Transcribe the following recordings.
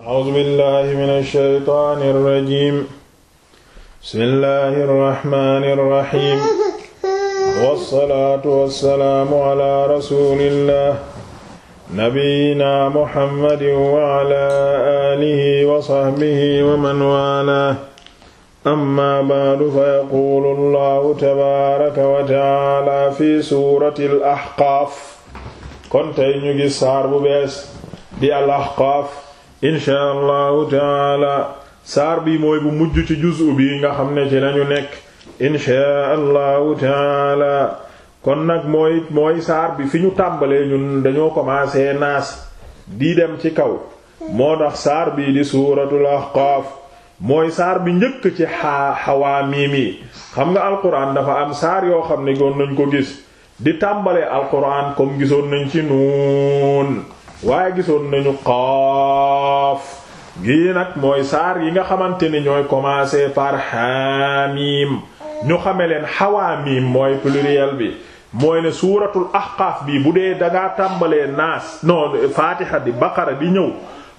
A'uuzu billaahi mina shaytaani rajiim. Bismillaahi rahmaani rahiim. Wassalaatu wassalaamu alaa rasuulillaah. Nabiyyinaa Muhammadin wa alaa aalihi wa sahbihi wa man waalaah. Ammaa ba'du fayaquulu Allaahu tabaaraka wa ta'aalaa fi suuratil Ahqaaf. Kon tey ñu ngi saar bu bees di Al Ahqaaf. inchaa allahu taala saar bi mooy bu mujj ci juzu bi nga xam ne ci lañu nekk inchaa allahu taala kon nag mooy mooy saar bi fi ñu tàmbalee ñun dañoo commencé naas di dem ci kaw moo tax saar bi di suuratul ahqaaf mooy saar bi njëkk ci xaa xawaamiim yi xam nga alquran dafa am saar yoo xam ne goon nañ ko gis di tàmbalee alquran comme gisoon nañ ci nuun waaye gisoon nañu qaaf gii nag mooy saar yi nga xamante ni ñooy commencer par haamim ñu xame leen hawaamim mooy pluriel bi mooy ne suuratul ahqaaf bi bu dee dangaa tàmbalee naas non faatiha di baqara bi ñëw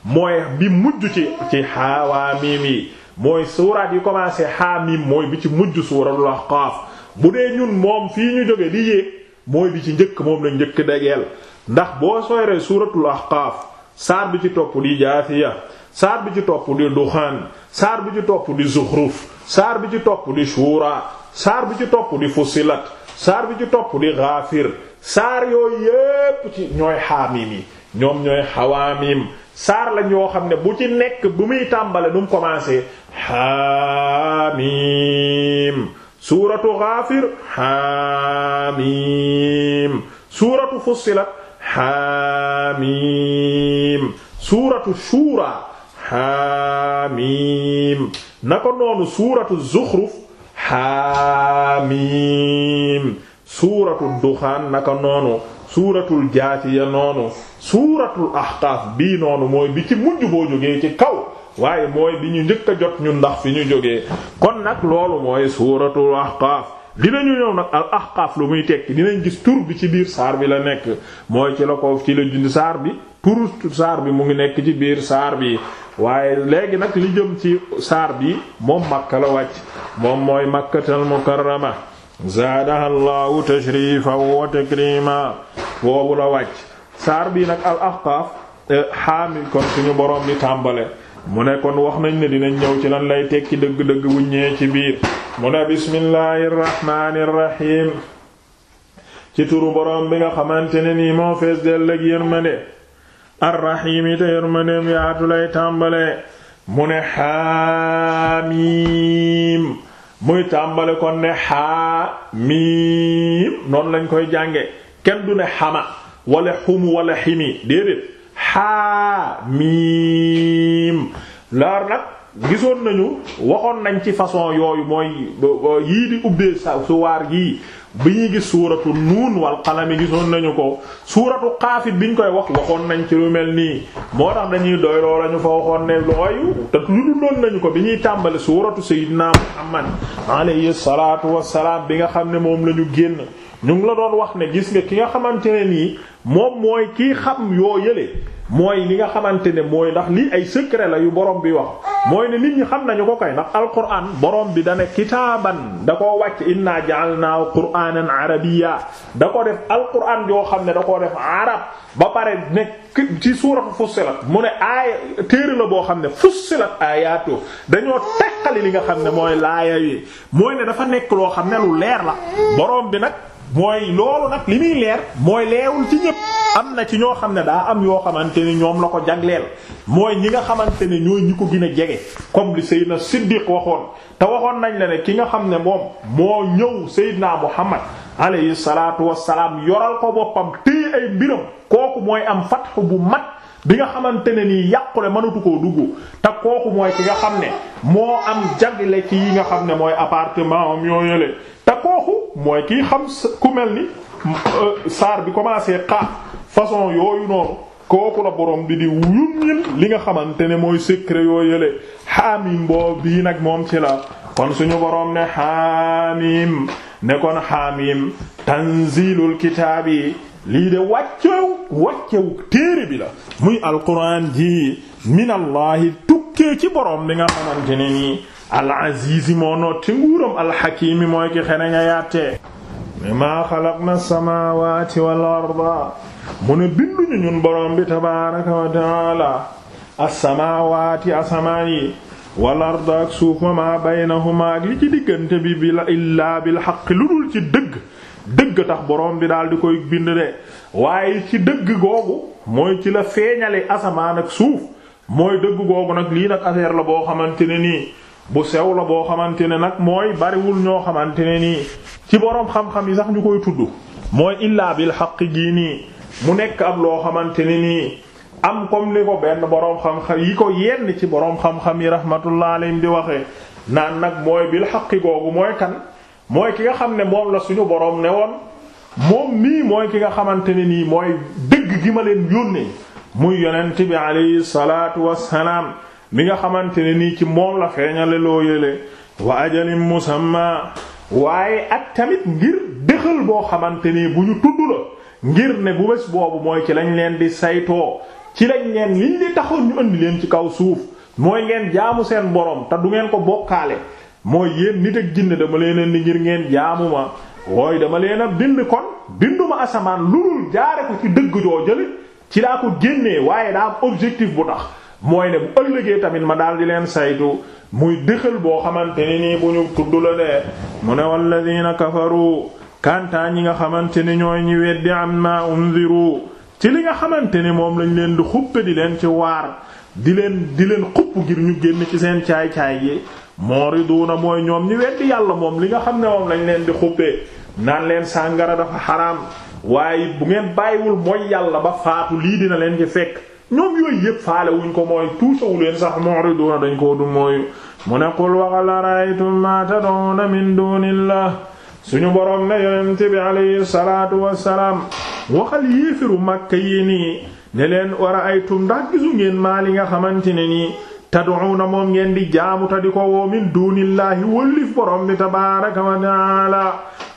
mooy bi mujj ci ci hawaamim yi mooy suuraat yi commencer haamim mooy bi ci mujj suuratul ahqaaf bu dee ñun moom fii ñu jóge di mooy bi ci njëkk moom la njëkk degeel ndax boo soyree suuratul ahqaaf saar bi ci topp di jaasiya saar bi ci topp di duxaan saar bu ci topp di zuxruf saar bi ci topp di shuura saar bi ci topp di fussilat saar bi ci topp di gaafir saar yooyu yépp ci ñooy xaamim yi ñoom ñooy xawaamim saar lañ yoo xam ne bu ci nekk bu muy tàmbale nu mu commencé xaamim suuratu gaafir xaamim suuratu fussilat xaamiim suuratu shuura xaamiim na noonu suuratu zuxruf xaamiim suuratu duxaan naka noonu suuratul jaasiya noonu suuratu ahqaaf bii noonu mooy bi ci mujj boo jógee ci kaw waaye mooy bi ñu njëkk jot ñu ndax fi ñu jógee kon nag loolu mooy suuratu ahqaaf dinañu ñëw nag al ahqaaf lu muy tekki dinañ gis tur bi ci biir saar bi la nekk mooy ci la ko ci la jund saar bi tur saar bi mu ngi nekk ci biir saar bi waaye léegi nag li jëm ci saar bi moom Makka la wàcc moom mooy Makkatal Mukarrama zaadaha Allahu tashrifan wa takrima boobu la wàcc saar bi nag al ahqaaf eh, xaamil kon suñu borom di tàmbale mu ne kon wax nañ ne dinañ ñëw ci lan lay tekki dëgg-dëgg bu ñëwee ci biir mu ne bismillahi ci turu boroom bi nga xamante ne nii moo fees del ak yërmande arrahim yi yaatu lay tàmbale mu ne xaamiim muy tàmbale kon ne xaamiim noonu lañ koy jànge kenn du ne xama wala xumu wala ximi déedéet xaamiim loolu nag gisoon nañu waxoon nañ ci façon yooyu mooy yii di ubbee sa suwaar yii bi ñuy gis suuratu nuun wal qalami gisoon nañu ko suuratu xaafit biñ koy wax waxoon nañ ci lu mel nii moo tax dañuy doy loola ñu fa waxoon ne looyu te lu dundoon nañu ko bi ñuy tàmbali suuratu sayyidina Muhammad alayhi salaatu wassalaam bi nga xam ne moom lañu génn ñu ngi la doon wax ne gis nga ki nga xamante ne nii moom mooy kii xam yoo yële mooy li nga xamante ne mooy ndax lii ay secret la yu borom bi wax mooy ne nit ñi xam nañu ko kay ndax alquran borom qur'aanan arabiyya da ko def alquran yoo xam ne da koo def arab ba pare nekk ci suuratu fussilat mu ne aaya téere la boo xam ne fussilat aayaatu dañoo teqali li nga xam ne mooy laaya yi mooy ne dafa nekk loo xam ne lu leer la borom bi nag. mooy loolu nag li muy leer mooy leerul ci ñépp am na ci ñoo xam ne daa am yoo xamante ne ñoom la ko jagleel mooy ñi nga xamante ne ñooy ñi ko gën a jege comme li Seydina Siddiq waxoon te waxoon nañ la ne ki nga xam ne moom moo ñëw Seydina Muhammad alayhi salaatu wassalaam yoral ko boppam téye ay mbiram kooku mooy am fatxu bu mat bi nga xamante ne nii yàqule mënatu ko duggu te kooku mooy ki nga xam ne moo am jagle ci yi nga xam ne mooy appartement am yoo mooy kii xam ku mel ni euh, saar bi commencé xaaf façon yooyu noonu kooku la borom bi di yuññil li nga xamante ne mooy secret yoo yële xaamim nag moom ci la kon suñu borom ne xaamim ne kon xaamim tanzilul kitaab lii de wàccew wàccew téere bi la muy alquran ji minallahi tukkee ci borom bi nga xamante ne nii al azizi moo noot ci nguuram al xakiimi mooy ki xereñ a yattee ne maa xalaqna samaawaati wal arda mu ne binduñu ñun borom bi tabaaraka wa taala asamaan yi wal arda ak suuf ma maa baynahuma ak ci diggante bi bi la illaa bil xaq lu dul ci dëgg dëgg tax borom bi daal di koy bind de waaye ci dëgg googu mooy ci la feeñali asamaan ak suuf mooy dëgg googu nag lii nag affaire la boo xamante ne nii bu sew la boo xamante ne nag mooy bariwul ñoo xamante ne nii ci boroom xam-xam yi sax ñu koy tudd mooy illaa bil xaq gii nii mu nekk ab loo xamante ne nii am comme ni ko benn boroom xam-xam yi ko yenn ci boroom xam-xam yi rahmatullah alayhim di waxe naan nag mooy bil xaqi googu mooy kan mooy ki nga xam ne moom la suñu boroom ne woon moom mii mooy ki nga xamante ne nii mooy dëgg gi ma leen yónnee muy yonent bi alayhi salaatu wassalaam mi nga xamante ne nii ci moom la feeñale loo yële wa ajalin musamma waaye ak tamit ngir dëxal boo xamante ni bu ñu tudd la ngir ne bu bés boobu mooy ci lañ leen di saytoo ci lañ leen liñ li taxoon ñu indi leen ci kaw suuf mooy ngeen jaamu seen borom te du ngeen ko bokkaale mooy yéen nit ak jinne dama leen indi ngir ngeen jaamu ma wooy dama leen a bind kon binduma asamaan lu dul jaare ko ci dëgg joo ci laa ko génnee waaye daa am objectif bu tax mooy ne bu ëllëgee tamit ma daal di leen saytu muy dëxal boo xamante ni nii bu ñu tudd la dee mu ne walladina kafaru kantaa ñi nga xamante ni ñooy ñi weddi amma unziru ci li nga xamante ni moom lañ leen di xuppe di leen ci waar di leen di leen xupp ngir ñu génn ci seen caay-caay yi mooriduna mooy ñoom ñi weddi yàlla moom li nga xam ne moom lañ leen di xuppe naan leen sàngara dafa xaraam waaye bu ngeen bàyyiwul mooy yàlla ba faatu lii dina leen ci fekk ñoom yooyu yépp faale wuñ ko mooy tuusawu leen sax mu'riduna dañ ko du mooy mu ne qul waxal araytum ma tad'una min dunillah suñu boroom ne yonent bi alayhi salaatu wassalaam waxal yéefiru màkka yi nii ne leen araytum ndax gisu ngeen maa li nga xamante ne nii tad'una moom ngeen di jaamuta di ko woo min dunillahi wëllif borom bi tabaaraka wa ta'aala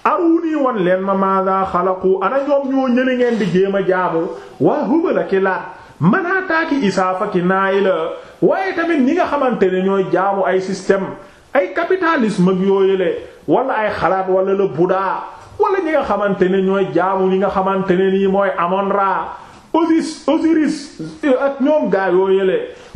aruni won leen ma maada xalaqu ana ñoom ñoo ñëli ngeen di jéem jaamu waa hubala ki laat manaataaki isaafa ki yi la waaye tamit ñi nga xamante ne ñooy jaamu ay système ay capitalisme ak yooyule wala ay xalaat wala le Bouddha wala ñi nga xamante ne ñooy jaamu ñi nga xamante ne nii mooy Amon-Ra Osiris Osiris ak ñoom gaa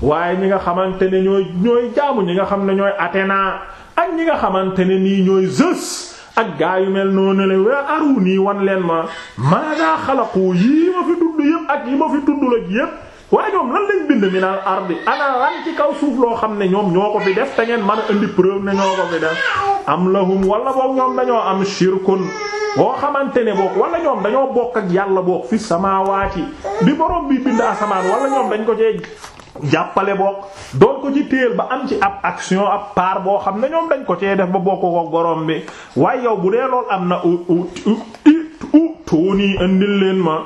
waaye ñi nga xamante ne ñooy ñooy ñi nga xam ne ñooy Athéna ak ñi nga xamante ne nii ñooy Zeus ak gaa yu mel noonu la waa aru nii wan leen ma maa daa xalaqu yii ma fi yëpp ak yi ma fi tuddul ak yëpp waaye ñoom lan lañ bind mi naan ardi lan ci kaw suuf loo xam ne ñoom ñoo ko fi def te ngeen mën a indi preuve ne ñoo ko fi def am lahum wala boog ñoom dañoo am shirkun boo xamante ne boog wala ñoom dañoo bokk ak yàlla boog fi samaawaati bi borom bi bind asamaan wala ñoom dañ ko cee jàppale boog doon ko ci téel ba am ci ab action ab part boo xam ne ñoom dañ ko cee def ba bokk ko gorom bi waaye yow bu dee lool ma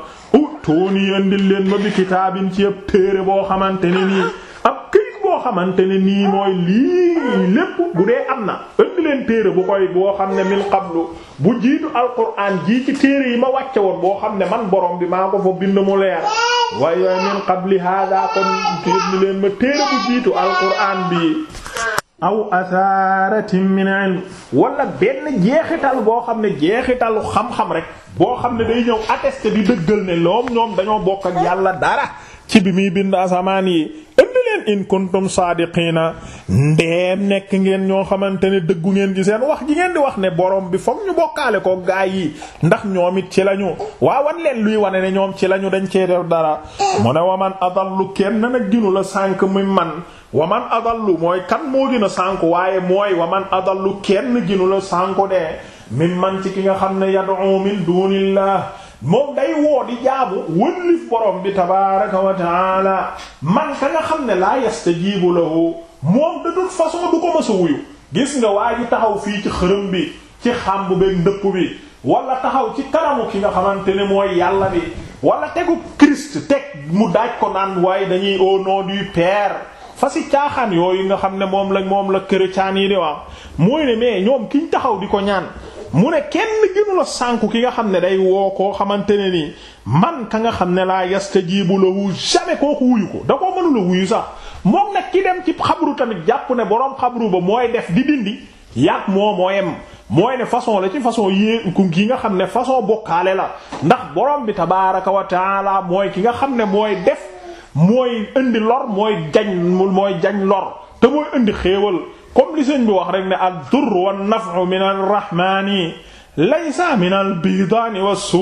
tuuni yëndil leen ma bi kitaabin ci ab téere boo xamante ne nii ab këyit boo xamante ne nii mooy lii lépp bu dee am na ëndi leen bu koy boo xam ne min qablu bu jiitu alquran jii ci téere yi ma wàcce woon boo xam ne man borom bi maa ko fa bind mu leer waaye min qabli hada kon ëndi leen ma téere bu jiitu alquran bi aw atharatin min ilm wala benn jeexital boo xam ne jeexitalu xam-xam rek boo xam ne day ñëw attesté di dëggal ne loom ñoom dañoo bokk ak yàlla dara ci bi muy bind asamaan yi leen in kuntum saadiqiina ndeem nekk ngeen ñoo xamante ne dëggu ngeen ci seen wax ji ngeen di wax ne borom bi foog ñu bokkaale ko gaa yi ndax ñoom it ci lañu waaw wan leen luy wane ne ñoom ci lañu dañ cee def dara mu ne waman lu kenn nag ginu la sànk mi man waman adallu mooy kan moo gën a sànku waaye mooy waman adallu kenn ginu la sànku de mi man ci ki nga xam ne yad'u min dunillah moom day woo di jaamu wëllif borom bi tabaaraka wa taala man ka nga xam ne laa yastajibu lahu moom de toute façon du ko mës a wuyu gis nga waa ji taxaw fii ci xërëm bi ci xàmb beeg ndëpp bi walla taxaw ci kanamu ki nga xamante ne mooy yàlla bi wala tegu Christ teg mu daaj ko naan waaye dañuy au nom du Père fa si caaxaan yooyu nga xam ne moom lañ moom la chrétien yi di wax mooy ne mais ñoom kiñ taxaw di ko ñaan mu ne kenn gënu la ki nga xam ne day woo koo xamante ne nii man ka nga xam ne laa yastajibu lahu jamais kooku wuyu ko da koo mënula wuyu sax moom nag ki dem ci xabru tamit jàpp ne boroom xabru ba mooy def di dindi yàq moo moo yem mooy ne façon la ci façon yée ki nga xam ne façon bokkaale la ndax borom bi tabaaraka wa taala mooy ki nga xam ne mooy def mooy indi lor mooy jañ mooy jañ lor te mooy indi xéewal comme li bi wax rek ne ad-durr wan-naf'u min ar-rahmaani laysa min al-biidaani was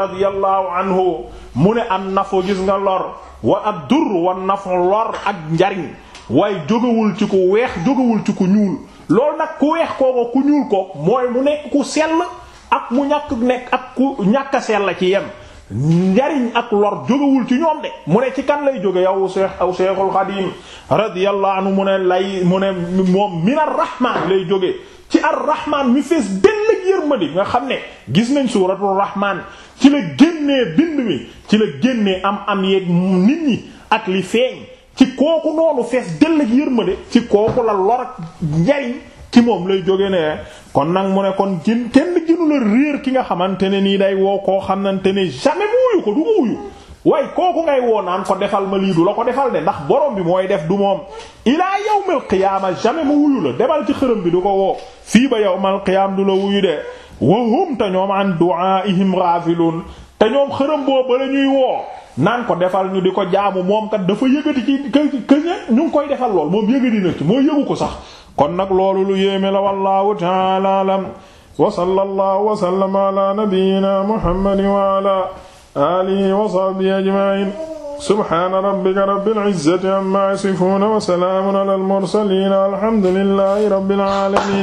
radiyallahu anhu mu ne an-naf'u gis nga lor wa ad-durr wan-naf'u lor ak njariñ way jógewul ci ku weex jógewul ci ku ñuul lool nag ku weex kooko ku ñuul ko mooy mu nekk ku sell ak mu ñàkk nekk ak ku ñàkk sell ci yem njariñ ak lor jógewul ci ñoom de mu ne ci kan lay jóge yow seex aw seexul xadiim radiyallahu anhu mu ne lay mu ne moom min ar lay jóge ci ar-rahmaan mi fees dell ak yërmande nga xam ne gis nañ suuratul rahmaan ci la génnee bind mi ci la génnee am am yeeg nit ñi ak li feeñ ci kooku noonu fees dell ak yërmande ci kooku la lor ak njariñ ci moom lay jóge ne kon nag mu ne kon kenn ginu la réer ki nga xamante ne nii day woo koo xamante ne jamais mu wuyu ko du ko wuyu waaye kooku ngay woo naan ko defal ma lii du la ko defal de ndax borom bi mooy def du moom ilaa yawmal qiyaama jamais mu wuyu la demal ci xërëm bi du ko woo fii ba yawmal qiyaam du la wuyu de wa hum te ñoom an du'aa'ihim ghaafilun te ñoom xërëm boobu la ñuy woo naan ko defal ñu di ko jaamu moom kat dafa yëgati ci que ñu ngi koy defal lool moom yëgati moo yëgu ko sax. kon nag loolu lu yéeme la wallahu ta'ala alam wa sallallahu wa sallama ala nabiyyina muhammadin wa ala alihi wa sahbihi ajma'in subhana rabbika rabbil izzati amma yasifun wa salamun ala al mursalin alhamdulillahi rabbil alamin